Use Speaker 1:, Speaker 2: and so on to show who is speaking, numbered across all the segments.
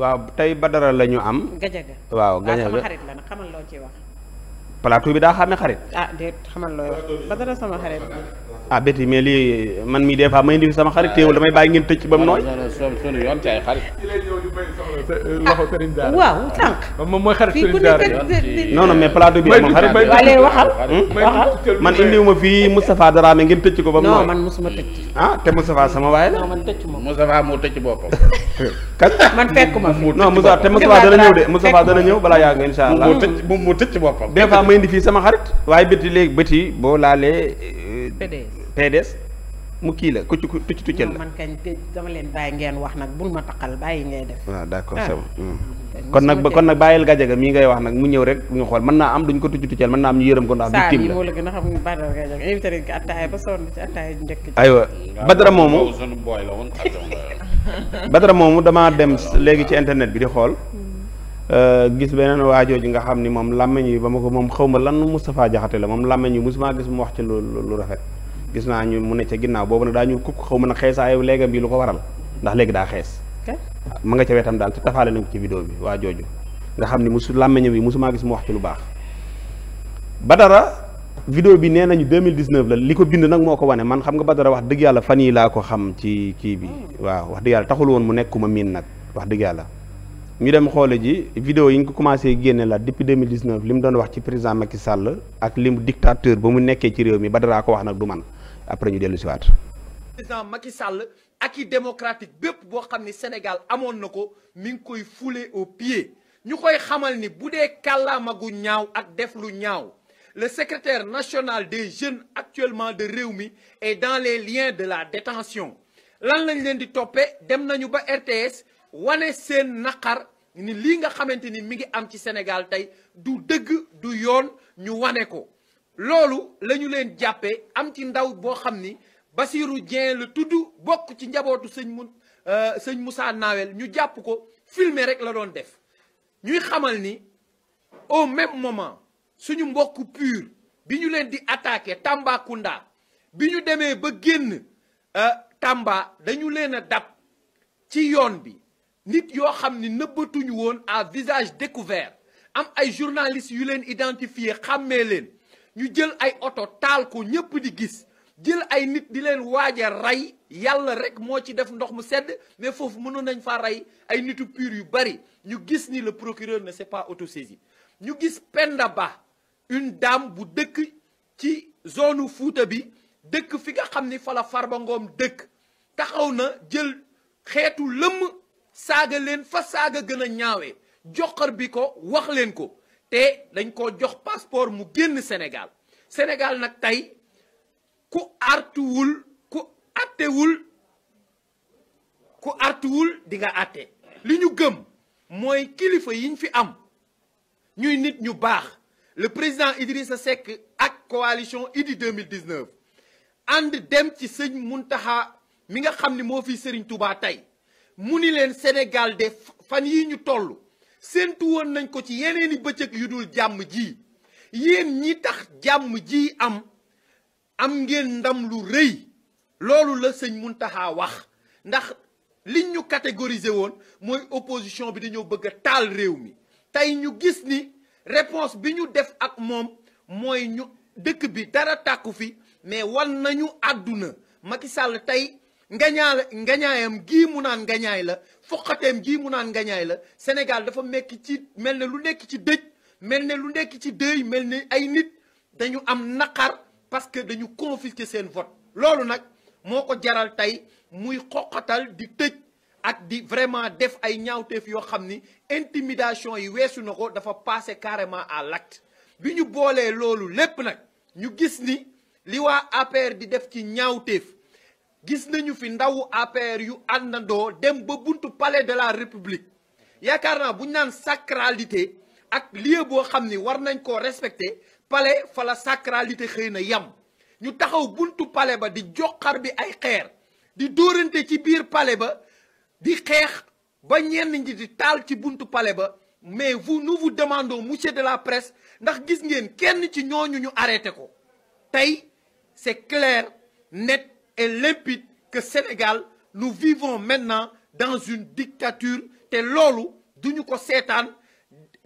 Speaker 1: waaw tey Badara la ñu am. Gajaga waaw Gajaga sama
Speaker 2: la nag xamal loo ciy
Speaker 1: wax. bi daa xame xarit.
Speaker 2: ah déet xamal loo Badara sama xarit
Speaker 1: ah béti mais lii man mii des fois may indi sama xarit teewul damay bàyyi ngeen tëj ci ba mu nooy.
Speaker 3: sunu yoon ci ay xarit.
Speaker 4: Euh, waaw sànq. moom mooy xarit Serigne Daara non non mais plateau
Speaker 1: bi moom xarit bay waaye waxal waxal man indiwuma fii Moustapha Dramé ngeen tëj ko ba mu nooy. non man mosuma tëj. ah te Moustapha sama waay la. non man tëj
Speaker 3: moom Moustapha moo tëj boppam. man fekk ma fi. te Moustapha dana ñëw de Moustapha dana ñëw balaa yàgg incha allah. moo tëj moom boppam.
Speaker 1: des fois indi fii sama xarit waaye béti léegi béti PDS mu kii la ku ci tucc tuccal la. man
Speaker 2: leen bàyyi ngeen nag bul ma taqal bàyyi ngay def.
Speaker 1: waaw ah. hmm. kon nag kon nag bàyyil mi mii ngay wax nag mu ñëw rek ñu xool mën naa am duñ ko tucc tuccal mën naa am ñu yërëm ko ndax. victime la
Speaker 2: saa a xam ne Badara gajaga invité nañ ko attaaya ba sonn ci attaaya njëkk ji.
Speaker 1: aywa Badara moomu Badara moomu damaa dem léegi ci internet bi di xool. Hmm. Euh, gis beneen waajoo ji nga xam ni moom làmmeñ yi ba ma ko moom xaw ma lan Moustapha Jaxate la moom làmmeñ yi musuma gis mu wax ci lu lu rafet gis naa ñu mu ne ca ginnaaw boobu nag daa ñuul kukk xaw mën a xeesaayu léegam bi lu ko waral ndax léegi daa xees ma nga ca wetam daal te tafaale nañ ko ci vidéo bi waa jooju nga xam ne musu làmmeñam bi musumaa gis mu wax ci lu baax Badara vidéo bi nee nañu 2019 la li ko bind nag moo ko wane man xam nga Badara wax dëgg yàlla fan yii laa ko xam ci kii bi waaw wax dëgg yàlla taxul woon mu nekk ma miin nag wax dëgg yàlla ñu dem xoole ji vidéo yi nga ko wax ci président ak li mu dictateur ba mu nekkee ci réew mi Badara ko wax nag du man après ñu dellu si waat.
Speaker 5: président Macky Sall acquis démocratique bépp boo xam ni Sénégal amoon na ko mi ngi koy foulé au pied ñu koy xamal ni bu dee kàllaama ñaaw ak def lu ñaaw le secretaire nationale des jeunes actuellement de Rewmi est dans les liens de la détention lan lañ leen di toppee dem nañu ba RTS wane seen naqar ni lii nga xamante ni mi ngi am ci Sénégal tey du dëgg du yoon ñu wane ko. loolu la ñu leen jàppee am ci ndaw boo xam ni Basirou Dieng la tudd bokk ci njabootu sëñ mun euh, sëñ Moussa Nawel ñu jàpp ko filmer rek la doon def ñuy xamal ni au même moment suñu mbokk pur bi ñu leen di attaqué Tambacounda bi ñu demee ba génn euh, Tamba dañu leen a dab ci yoon bi nit yoo xam ni nëbbatuñu woon à visage découvert am ay journalistes yu leen identifié xàmmee leen ñu jël ay oto taal ko ñëpp di gis jël ay nit di leen waaj a rey yàlla rek moo ci def ndox mu sedd mais foofu mënoon nañ fa rey ay nitu pur yu bari ñu gis ni la procureur ne s'est pas autosaisi ñu gis Penda Ba une dame bu dëkk ci zone Fuuta bi dëkk fi nga xam ni fa la Farba Ngom dëkk taxaw na jël xeetu lëmm saaga leen fa saaga gën a ñaawee joxar bi ko wax leen ko te dañ ko jox passeport mu génn Sénégal Sénégal nag tey ku artuwul ku attewul ku artuwul di nga atte li ñu gëm mooy kilifa yi ñu fi am ñuy nit ñu baax le président Idrissa Seck ak coalition Idy 2019 ànd dem ci sëñ mun taxa mi nga xam ni moo fi Sëriñ Tuubaa tey mu ni leen Sénégal de fan yi ñu toll séntu woon nañ ko ci yeneeni bëccëg yu dul jàmm ji yéen ñi tax jàmm ji am am ngeen ndam lu rëy loolu la sëñ Muntaxa wax ndax liñ ñu catégoriser woon mooy opposition bi dañoo bëgg a taal réew mi tey ñu gis ni réponse bi ñu def ak moom mooy ñu dëkk bi dara tàkku fi mais wan nañu àdduna Macky Sall tey ngañaa ngañaayam gii mu naan ngañaay la foqateem gii mu naan ngañaay la Sénégal dafa mekk ci mel na lu nekk ci dëj mel na lu nekk ci dëj mel ne ay nit dañu am naqar parce que dañu confisquer seen vote loolu nag moo ko jaral tey muy xoqatal di tëj ak di vraiment def ay ñaawteef yoo xam ni intimidation yi weesu na ko dafa passé carrément à l'acte bi ñu boolee loolu lépp nag ñu gis ni li waa APR di def ci ñaawteef gis nañu fi ndawu APR yu àndandoo dem ba buntu pale de la république yaakaar naa bu naan sacralité ak lieu boo xam ni war nañ koo respecté palais fa la sacralité xëy na yam ñu taxaw buntu pale ba di joxar bi ay xeer di dóorante ci biir pale ba di xeex ba ñenn ñi di taal ci buntu pale ba mais vous nous demando demandons de la presse ndax gis ngeen kenn ci ñooñu ñu arrêté ko tey c'est clair net et limpide que Sénégal nous vivons maintenant dans une dictature te loolu duñu ko seetaan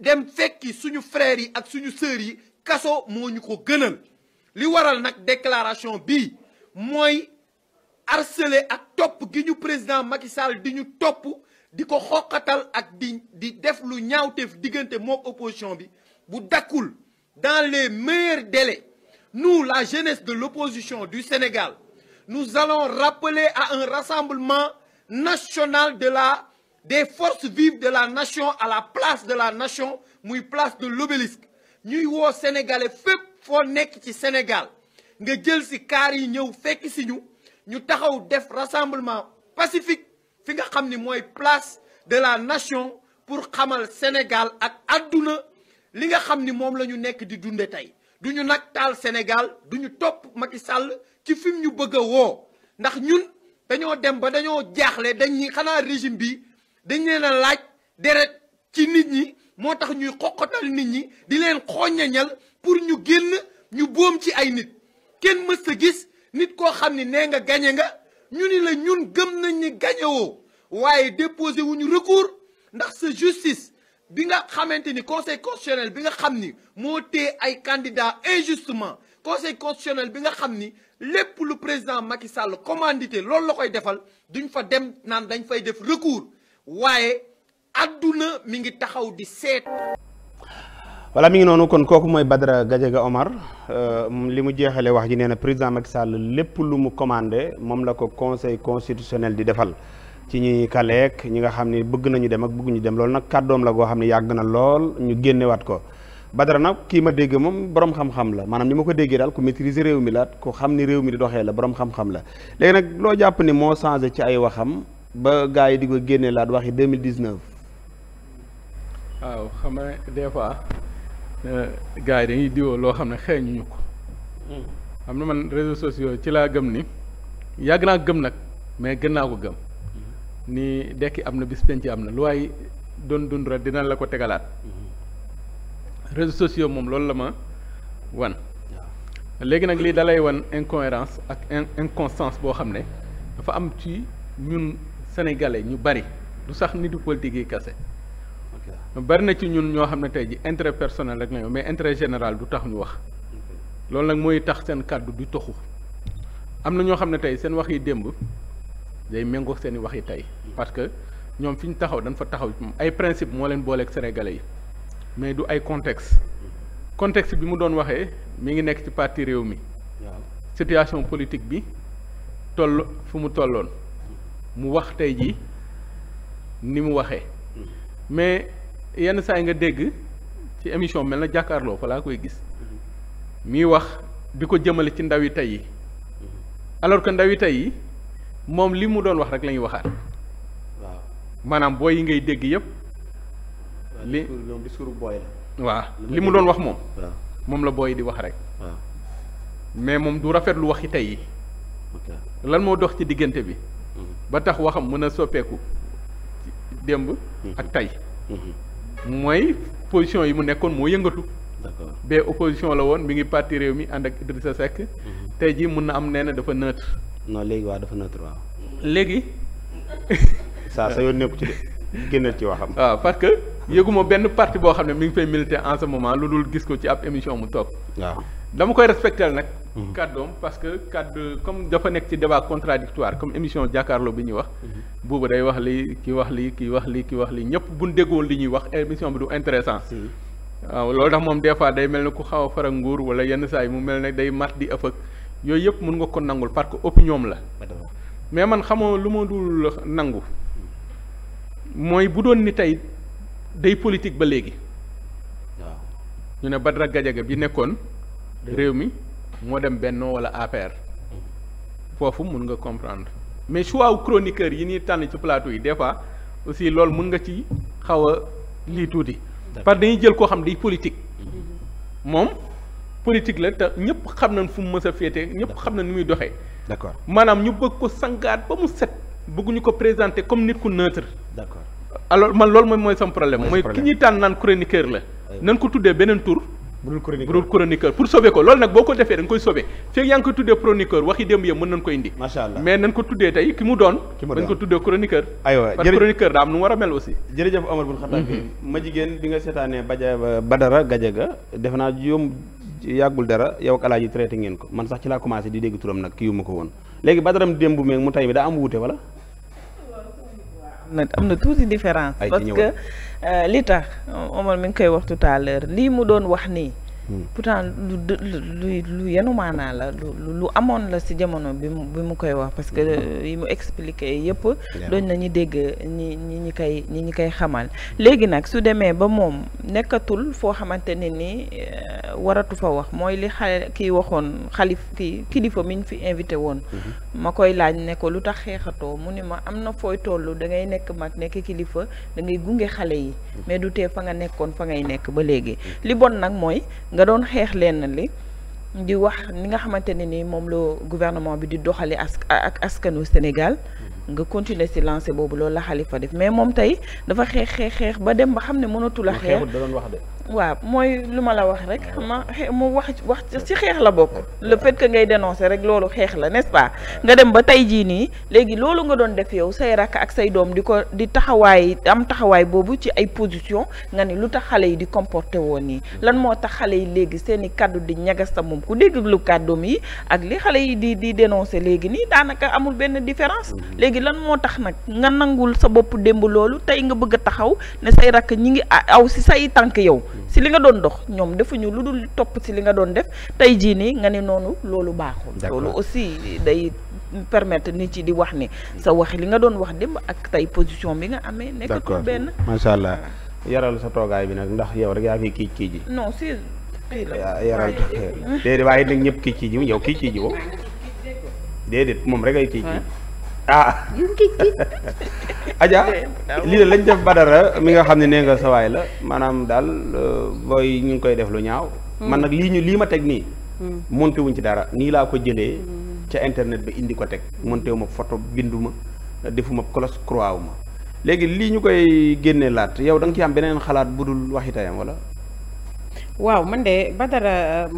Speaker 5: dem fekki suñu frères yi ak suñu sœurs yi kaso moo ñu ko gënal li waral nag déclaration bi mooy harceler ak topp gi ñu président Macky Sall di ñu topp di ko xoqatal ak di di def lu ñaaw ñaawteef diggante moom opposition bi bu dakkul dans les meilleurs délais nous la jeunesse de l'opposition du Sénégal nous allons rappeler à un rassemblement national de la des forces vives de la nation à la place de la nation muy place de l'obélisque ñuy woo sénégalais fépp foo nekk ci Sénégal nga jël si kaar yi ñëw fekk si ñu ñu taxaw def rassemblement pacifique fi nga xam ni mooy place de la nation pour xamal Sénégal ak àdduna li nga xam ni moom la ñu nekk di dunde tey du ñu nag taal Sénégal du ñu topp Macky Sall ci fi ñu bëgg a woo ndax ñun dañoo dem ba dañoo jaaxle dañuy xanaa régime bi dañ leen a laaj deret ci nit ñi moo tax ñuy xoqatal nit ñi di leen xooñañal pour ñu génn ñu boom ci ay nit kenn mës a gis nit koo xam ni nee nga gañe nga ñu ni la ñun gëm nañ ni gañe waaye déposé wu ñu recours ndax sa justice bi nga xamante ni conseil constitutionnel bi nga xam ni moo téye ay candidat injustement conseil constitutionnel bi nga xam ni lépp lu président Macky Sall commandité loolu la koy defal duñ fa dem naan dañ fay def recours waaye adduna mi ngi taxaw di seet.
Speaker 1: voilà mi ngi noonu kon kooku mooy Badara Gadiaga Omar euh, li mu jeexale wax ji nee na président Macky Sall lépp lu mu commandé moom la ko conseil constitutionnel di defal ci ñi kaleek ñi nga xam ni bëgg nañu dem ak bëgg ñu dem loolu nag kàddoom la goo xam ne yàgg na lool ñu génnewaat ko. Badara nag kii ma dégg moom borom xam-xam la maanaam ni ma ko déggee daal ku maîtriser réew mi laat ku xam ni réew mi di doxee la borom xam-xam la léegi nag loo jàpp ni moo changé ci ay waxam ba gars yi di ko génne laat waxi 2019.
Speaker 4: waaw xam nga des fois euh, gars yi dañuy diwoo loo xam ne xeeñuñu ko. Hmm. xam na man réseaux sociaux ci laa gëm ni yàgg naa gëm nag mais gën naa ko gëm. Hmm. ni dekki am na bis penc am na lu waaye doon dund rek dina la ko tegalaat. Hmm. réseaux sociaux moom loolu la ma wan léegi nag lii dalay wan incohérence ak inconstance boo xam ne dafa am ci ñun sénégalais ñu bari du sax nit du politique yi kase bari na ci ñun ñoo xam ne tey ji intérêt personnel rek nañu mais intérêt général du tax ñu wax loolu nag mooy tax seen kàddu di toxu am na ñoo xam ne tey seen wax yi démb day méngoo seen i wax yi tey mm. parce que ñoom fi ñu taxaw dañ fa taxaw ay principe moo leen booleeg sénégalais yi mais du ay contexte contexte bi mu doon waxee mi ngi nekk ci parti réew mi situation politique bi toll fu mu tolloon mu wax tey ji ni mu waxee mais yenn saa yi nga dégg ci émission mel na jàkkaarloo fa laa koy gis muy wax di ko jëmale ci ndaw yi tey yi alors que ndaw yi tey yi moom li mu doon wax rek lañuy waxaat waaw maanaam booy yi ngay dégg yépp
Speaker 1: li discours booy
Speaker 4: la. waaw li mu doon wax moom. moom la booy di wax rek. mais moom du rafetlu waxi tey yi. lan moo dox ci diggante bi. Mhm. ba tax waxam mën a soppeeku démb. Mhm. ak tey. Mhm. mooy position yi mu nekkoon moo yëngatu. d'accord bee opposition la woon mi ngi parti réew mi ànd ak Idrissa Seck. tey jii mun na am nee na dafa neutre. non léegi waaw dafa neutre waaw. léegi. saa sa yoon nekku ci de génnal ci waxam. waaw ah, parce yëguma benn parti boo xam ne mu ngi fay militer en ce moment lu dul gis ko ci ab émission mu toog waaw dama koy respecter nag mhm. kàddoom parce que kàddu comme dafa nekk ci débat contradictoire comme émission jàkkaarloo bi ñuy wax mhm. buuba day wax li ki wax li ki wax li ki wax li ñëpp buñ déggoon li ñuy wax émission bi du intéressant waaw loolu tax moom des fois day mel ne ku xaw a fara nguur wala yenn saa yi mu mel ne day mat di ëpp ak yooyu yëpp mun nga ko nangul parce que opinion la mais man xamoo lu ma dul nangu mooy bu doon ni tey day politique ba léegi waaw ñu ne Badara Gajaga bi nekkoon réew mi moo dem Benno wala APR foofu mun nga comprendre mais choix wu yi ñuy tànn ci plateau yi des fois aussi loolu mun nga ci xaw a lii tuuti parce que dañuy jël koo xam day politique mm-hmm. moom politique la te ñëpp xam nañ fu mu mës a féete ñëpp xam na ni muy doxee d'accord maanaam ñu bëgg ko sangaat ba mu set bëgguñu ko présenter comme nit ku neutre d'accord alors man loolu mooy mooy sama problème mooy ki ñuy tànn naan chroniqueur la nan ko tuddee beneen tur budul chroniqueur budul chroniqueur pour sauver ko loolu nag boo ko defee da koy sauver fekk yaa ngi ko tuddee chroniqueur waxi démb yëpp mën nañ koy indi macha ko tuddee tey ki mu doon dañ ko tuddee chroniqueur aywa parce que chroniqueur daa a mel aussi jërëjëf Omar bun
Speaker 1: Xattaab bi mhm. ma jigéen bi nga seetaanee Baja Badara def naa yom yàggul dara yow ak alaaji traité ngeen ko man sax ci laa commencé di dégg turam nag kii yu ma ko woon léegi Badaram démb meeg
Speaker 6: mu tay mi daa am wuute wala na am na tuuti différence parce que euh, li tax Omar mi ngi koy wax tout à l'heure lii mu doon wax nii pourtant lu lu lu yenumaanaa la lu lu amoon la si jamono bi mu bi koy wax parce que yi mu expliqué yëpp doon nañu dégg ñi ñi ñi koy ñi ñi koy xamal léegi nag su demee ba moom nekkatul foo xamante ne ni euh, waratu fa wax mooy li xale kii waxoon xalif ki kilifa mi ñu fi invité woon mm-hmm. ma koy laaj ne ko lu tax xeexatoo mu ni ma am na fooy toll da ngay nekk mag nekk kilifa da ngay gunge xale yi mm-hmm. mais du tee fa nga nekkoon fa ngay nekk ba léegi mm-hmm. li bon nag mooy nga doon xeex lenn li di wax ni nga xamante ne ni moom la gouvernement bi di doxali ask ak askanu Sénégal nga continuer ci lancé boobu loolu la Khalifa def mais moom tey dafa xeex xeex xeex ba dem ba xam ne mënatul a xeex wax waaw mooy lu ma la wax rek xam nga mu wax wax ci xeex la bokk le fait que ngay dénoncer rek loolu xeex la n'est-ce nga dem ba tey jii nii léegi loolu nga doon def yow say rakk ak say doom di ko di taxawaay am taxawaay boobu ci ay position nga ni lu tax xale yi di comporter woon nii lan moo tax xale yi léegi seen i kaddu di ñagasta moom ku dégg lu kàddoom yi ak li xale yi di di dénoncer léegi nii daanaka amul benn différence mm-hmm. léegi lan moo tax nag nga nangul sa bopp démb loolu tey nga bëgg a taxaw ne say rakk ñi ngi aw si say tànk yow si li nga doon dox ñoom defuñu lu dul topp si li nga doon def tey jii nii nga ne noonu loolu baaxul loolu aussi day permettre nit ci di wax ni sa wax li nga doon wax démb ak tey position bi nga amee nekkatul benn
Speaker 1: macha allah yaral sa toogaay bi nag ndax yow rek yaa fi kiij kiij ji
Speaker 6: non si déedéet
Speaker 1: waaye nag ñëpp kiij kiij ji yow kiij kiij ji déedéet moom rek ay kiij kiij ah. Adja lii lañ def Badara mi nga xam ne nee nga sawaay la maanaam daal euh, booy ñu ngi koy def ñaaw. Hmm. man nag lii ñu lii ma teg nii. Hmm. monté wuñ ci dara nii laa ko jëlee. Hmm. ca internet ba indi ko teg monté wu ma photo bindu ma defu ma close croix ma léegi lii ñu koy génne laat yow da nga ci am beneen xalaat bu dul waxi tayam wala.
Speaker 2: waaw man de Badara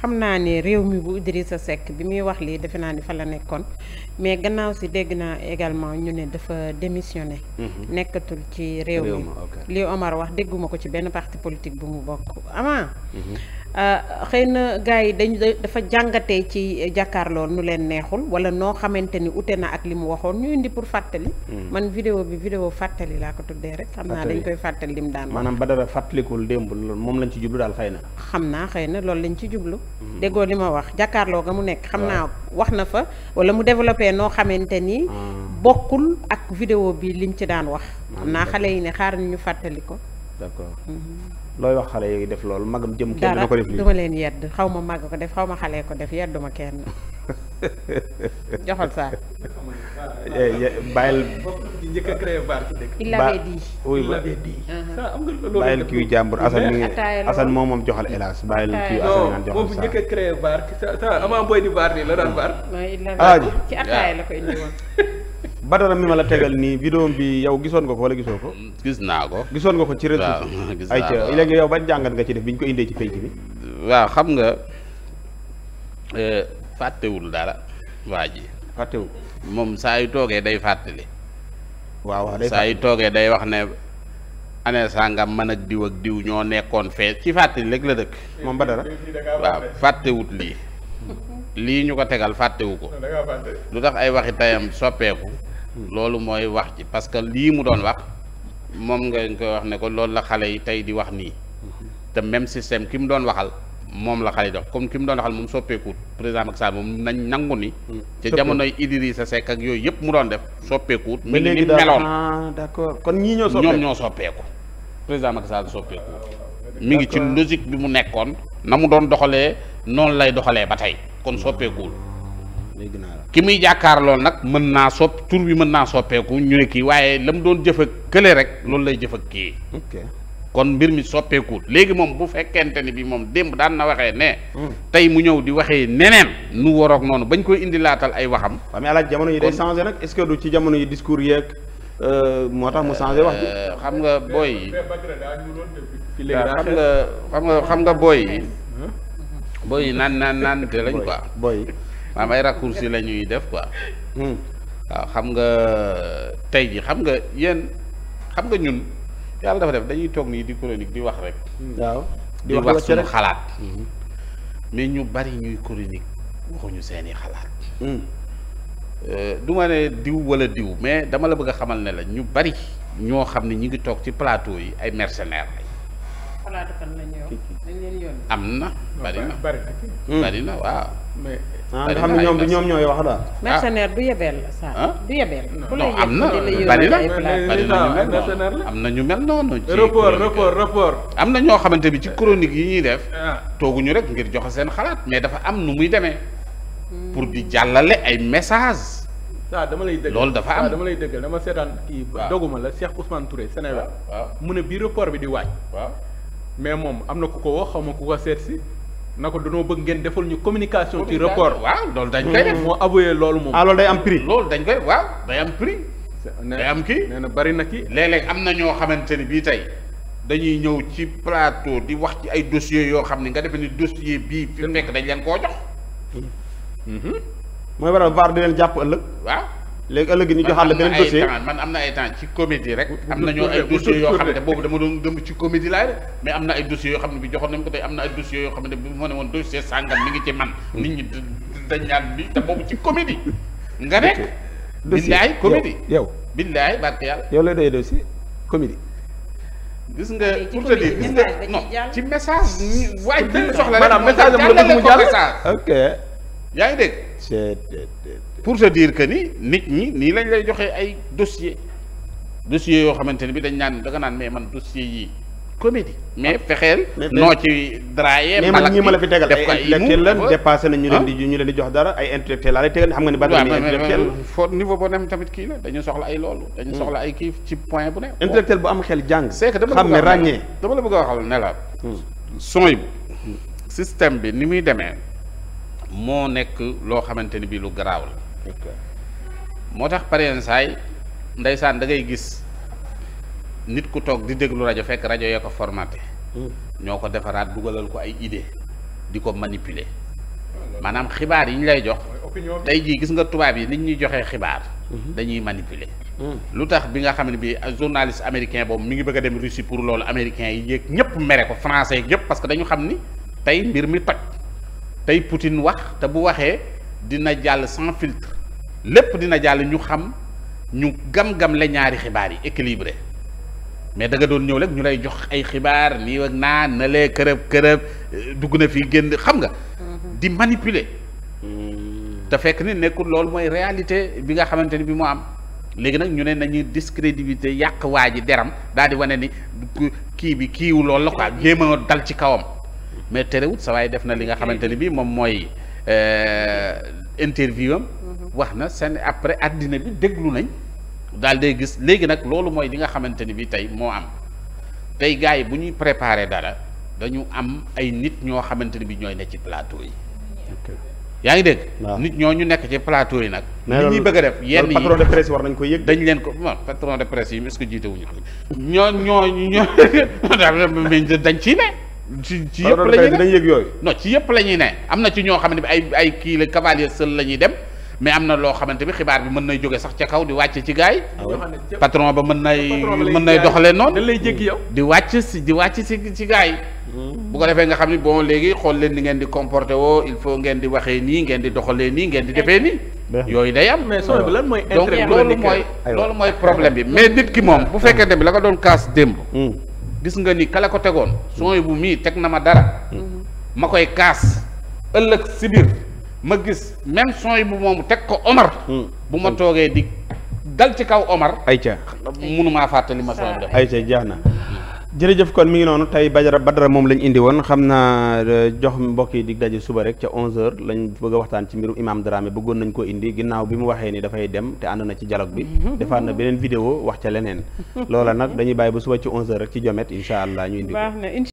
Speaker 2: xam naa ni réew mi bu sa Seck bi muy wax lii defe naa ni fa la nekkoon mais gannaaw si dégg naa également ñu ne dafa démissionné. Mhm. nekkatul ci réew mi li Omar wax dégguma ko ci benn parti politique bu mu bokk avant. Mhm. Euh, xëy na gars yi dañ dafa jàngate ci jàkkaarloo nu leen neexul wala noo xamante ni ute na ak li mu waxoon ñu indi pour fàttali. Hmm. man vidéo bi vidéo fàttali laa ko tuddee rek. xam naa dañ koy fàttali lim daan maanaam
Speaker 1: ba dara fàttalikul démb loolu moom lañ ci jublu daal xëy
Speaker 2: xam naa xëy na loolu lañ ci jublu. Hmm. déggoo li ma wax jàkkaarloo ga mu nekk. xam naa wax na fa wala mu développé noo xamante ni. Hmm. bokkul ak vidéo bi mu ci daan wax. xam naa xale yi ne xaar ñu fàttali ko.
Speaker 1: looy wax xale yooyu def loolu magam jëm kenn dina ko def lii duma
Speaker 2: leen yedd xaw ma mag ko def xaw ma xale ko def yedduma kenn
Speaker 1: joxal saa eh, bàyyil
Speaker 4: il
Speaker 2: l'avait dit il
Speaker 1: l'avait dit uh-huh. bàyyil kii jàmbur Assane moom moom joxal hélas bàyyil kii Assane naan joxal saa njëkk
Speaker 4: a créé baar ki sa di baar nii la daan baar
Speaker 2: ah ji ci ataaya la ko indi
Speaker 1: Badara mi ma la tegal nii vidéo bi yow gisoon nga ko wala gisoo ko. Mm, gis naa ko. gisoon nga ko ci réseau. ban jàngat nga ci def bi ñu ko indee ci penc bi. waaw xam nga
Speaker 3: euh, fàttewul dara waa ji. fàttewul moom saa yu toogee day fàttali. waaw waaw day day wax ne. année sangam man ak diw ak diw ñoo nekkoon fee ci fàttali rek la dëkk. moom Badara lii. lii ñu ko tegal fàttewu ko. lu tax ay waxi tayam soppeeku. loolu mooy wax ci parce que lii mu doon wax moom nga koy wax ne ko loolu la xale yi tey di wax nii te même système ki mu doon waxal moom la xale yi dox comme ki mu doon waxal moom soppeekut président Macky moom nañ nangu ni ca jamonoy Idrissa Seck ak yooyu yëpp mu doon def soppeekut mi ngi ni meloon
Speaker 1: ah, d'accord kon ñii ñoo soppeeku ñoo soppeeku
Speaker 3: président Macky Sall soppeeku mi ngi ci logique bi mu nekkoon na mu doon doxalee noonu lay doxalee ba tey kon soppeekuwul ki muy jàkkaar lool nag mën naa sopp tur bi mën naa soppeeku ñu ne kii waaye la mu doon jëf kële rek loolu lay jëf ak kii kon mbir mi soppeeku léegi moom bu fekkente ni bi moom démb daan na waxee ne hmm. tey mu ñëw di waxee neneen nu waroog noonu bañ koy indi laatal ay waxam mais alaaj
Speaker 1: jamono yi changé nag est-ce que du ci jamono yi discours yeeg euh, moo tax mu changé wax euh, xam nga
Speaker 4: booy yi xam nga xam nga xam nga booy yi hmm?
Speaker 3: booy yi naan naan naan te lañ quoi booy maanaam ay raccourci la ñuy def quoi. Hmm. waaw xam nga tey ji xam nga yéen xam nga ñun yàlla dafa def dañuy toog nii di chronique di wax rek. Hmm. waaw di wax suñu xalaat. Hmm. mais ñu bari ñuy chronique waxuñu seeni xalaat. Euh, du ma ne diw wala diw mais dama la bëgg a xamal ne la ñu bari ñoo xam ne ñu ngi toog ci plateau yi ay mercenaires.
Speaker 1: xalaatu kan lañ yow dañ am na bari
Speaker 3: na bari na hmm. waaw mais ah, nga xam ne ñoom du ñoom ñooy wax daal
Speaker 2: ah. mercenaire du yebeel la saa ah? du yebeel ku lay am na bari na bari na
Speaker 3: am na ñu mel noonu report report report am na ñoo xamante bi ci chronique yi ñuy def tooguñu rek ngir joxe seen xalaat mais dafa am nu muy demee hmm. pour di jàllale ay message
Speaker 4: saa dama lay dëgg loolu dafa am dama lay dëggal dama seetaan kii doguma la Cheikh Ousmane Touré Sénégal mu ne bi report bi di waañ mais moom am na ku ko wax xaw ma ku ko seet si na ko danoo bëgg ngeen defal ñu communication. ci report waaw loolu dañ koy mm. def moo avoué loolu moom. ah loolu day am prix. loolu dañ koy waaw day am prix. day am kii nee na bari na kii. léeg am na ñoo xamante
Speaker 3: ni bii tey dañuy ñëw ci plateau di wax ci ay dossiers yoo xam ne nga defe ni dossier bii fi nekk dañ leen koo jox.
Speaker 1: Mm. mooy waral VAR di leen jàpp ëllëg waaw. léegi ëllëg ñu joxaat la beneen dossier man
Speaker 3: am na ay temps ci comédie rek yoo xam ne boobu dama doon gëm ci comédie laay rek mais am na ay ne bi joxoon nañ ko tey am na ay dossiers yoo xam ne bi moo ne woon dossier sàngam mi ngi ci man hmm. nit ñi dañ ñaan bi te boobu ci comédie nga nekk billaay comédie yow billaay barke yàlla yow lay doyee gis nga pour te dire gis ci message waaye dañu soxla rek maanaam message am la bëgg mu jàll ok ngi dégg
Speaker 1: pour te diir que ni
Speaker 3: nit ñi nii lañ lay joxee ay dossier dossier yoo xamante ne bi dañ naan da nga naan mais man dossier yii comédie mais fexeel noo ci draayee mais man ma la fi tegal ay intellectuel la
Speaker 1: dépassé na ñu leen ah. di ñu leen di jox dara ay intellectuel laa lay tegal xam nga ni ba ay intellectuel
Speaker 3: niveau boo tamit kii la dañu soxla ay loolu dañu soxla hmm. ay kii ci point bu ne intellectuel bu am xel jàng c'est que xam ne ràññee dama la bëgg a waxal ne la hmm. son yi système bi ni muy demee moo nekk loo xamante ni bii lu garaaw la. moo tax pareen saay ndeysaan da ngay gis nit ku toog di déglu rajo fekk rajo ya ko formaté. Hmm. ñoo ko defaraat dugalal ko ay idée di ko manipuler maanaam xibaar yi ñu lay jox. tey jii gis nga tubaab yi nit ñuy joxee xibaar. Hmm. dañuy manipuler. Hmm. lu tax bi nga xam ne bi journaliste américain boobu mi ngi bëgg a dem Russie pour loolu américain yi yéeg ñëpp mere ko français yëpp parce que dañu xam ni tey mbir mi toj. tey Poutine wax te bu waxee dina jàll sans filtre lépp dina jàll ñu xam ñu gam-gam la ñaari xibaar yi équilibré mais da nga doon ñëw rek ñu lay jox ay xibaar lii ak naa na lee kërëb kërëb euh, dugg na fii génn xam nga mm-hmm. di manipuler da mm. fekk ni nekkul loolu mooy réalité bi nga xamante ni bi mu am léegi nag ñu ne nañuy discrédibilité yàq waa ji deram daal di wane ni kii bi kiiwu loolu la quoi jéem a dal ci kawam mais terewut sa waay def na li nga xamante ni bii moom mooy euh, interview am. Mhm. wax na seen après àddina bi déglu nañ daal dee gis léegi nag loolu mooy li nga xamante ni bii tey moo am tey gars yi bu ñuy préparer dara dañu am ay nit ñoo xamante ni bii ñooy ne ci plateau yi. yaa ngi dégg. nit ñoo ñu nekk ci plateau yi nag. mais ñuy bëgg a def yenn yi war nañ ko yëg. dañ leen ko non patron de presse yi est-ce que jiite wuñu ñoo ñoo ñoo dañ ci ne. ci ci yëpp la ne dañuy yooyu. non ci yëpp la ñuy ne am na ci ñoo xamante bi ay ay kii la cavalier seul la ñuy dem mais am na loo xamante bi xibaar bi mën nay jóge sax ca kaw di wàcc ci gaay yi. Ah patron ba mën nay mën nay doxalee noonu. dañ lay jékki yow di wàcc si di wàcc si ci gaay yi. Hmm. bu ko defee nga xam ni boo léegi xool leen ni ngeen di comporté woo il faut ngeen di waxee nii ngeen di doxalee nii ngeen di defee nii. yooyu day am. mais soo lan mooy intérêt donc loolu mooy loolu mooy problème bi mais nit ki moom bu fekkee dem bi la ko doon kaas démb hmm. gis nga ni kala ko tegoon sooy bu mii teg na ma dara mm-hmm. ma koy kaas ëllëg sibir ma gis même sooy bu moomu teg ko Omar mm. bu ma toogee di dal ci kaw Omar ayca mënumaa fàttali ma sooy def ayca
Speaker 1: jeex na mm-hmm. jërëjëf kon mi ngi noonu tey Badara Badara moom lañ indi woon xam naa euh, jox mbokk yi di daje suba rek ca 11h lañ bëgg waxtaan ci mbirum Imam drame bëggoon nañ ko indi ginnaaw bi mu waxee ni dafay dem te ànd na ci dialogue bi mm-hmm. defaat na beneen vidéo wax ca leneen loola nag dañu bàyyi ba suba ci 11h rek ci Jomet incha allah ñu indi
Speaker 6: ko.